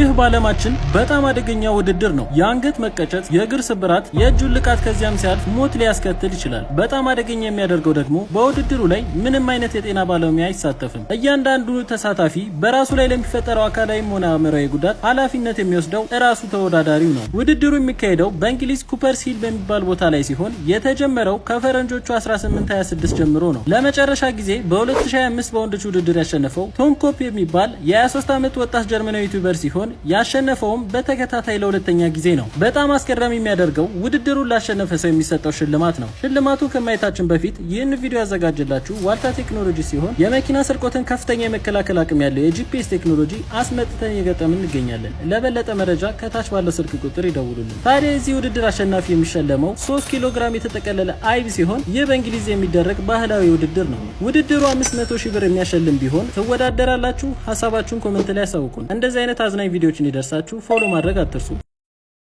ይህ በዓለማችን በጣም አደገኛ ውድድር ነው። የአንገት መቀጨት፣ የእግር ስብራት፣ የእጅ ውልቃት ከዚያም ሲያልፍ ሞት ሊያስከትል ይችላል። በጣም አደገኛ የሚያደርገው ደግሞ በውድድሩ ላይ ምንም አይነት የጤና ባለሙያ አይሳተፍም። እያንዳንዱ ተሳታፊ በራሱ ላይ ለሚፈጠረው አካላዊም ሆነ አእምራዊ ጉዳት ኃላፊነት የሚወስደው እራሱ ተወዳዳሪው ነው። ውድድሩ የሚካሄደው በእንግሊዝ ኩፐርስ ሂል በሚባል ቦታ ላይ ሲሆን የተጀመረው ከፈረንጆቹ 1826 ጀምሮ ነው። ለመጨረሻ ጊዜ በ2025 በወንዶች ውድድር ያሸነፈው ቶም ኮፕ የሚባል የ23 ዓመት ወጣት ጀርመናዊ ዩቲዩበር ሲሆን ሲሆን ያሸነፈውም በተከታታይ ለሁለተኛ ጊዜ ነው። በጣም አስገራሚ የሚያደርገው ውድድሩን ላሸነፈ ሰው የሚሰጠው ሽልማት ነው። ሽልማቱ ከማየታችን በፊት ይህን ቪዲዮ ያዘጋጀላችሁ ዋልታ ቴክኖሎጂ ሲሆን የመኪና ስርቆትን ከፍተኛ የመከላከል አቅም ያለው የጂፒኤስ ቴክኖሎጂ አስመጥተን እየገጠም እንገኛለን። ለበለጠ መረጃ ከታች ባለው ስልክ ቁጥር ይደውሉልን። ታዲያ የዚህ ውድድር አሸናፊ የሚሸለመው 3 ኪሎ ግራም የተጠቀለለ አይብ ሲሆን ይህ በእንግሊዝ የሚደረግ ባህላዊ ውድድር ነው። ውድድሩ 500 ሺህ ብር የሚያሸልም ቢሆን ትወዳደራላችሁ? ሀሳባችሁን ኮመንት ላይ ያሳውቁን። እንደዚህ አይነት አዝናኝ ቪዲዮዎች እንዲደርሳችሁ ፎሎ ማድረግ አትርሱ።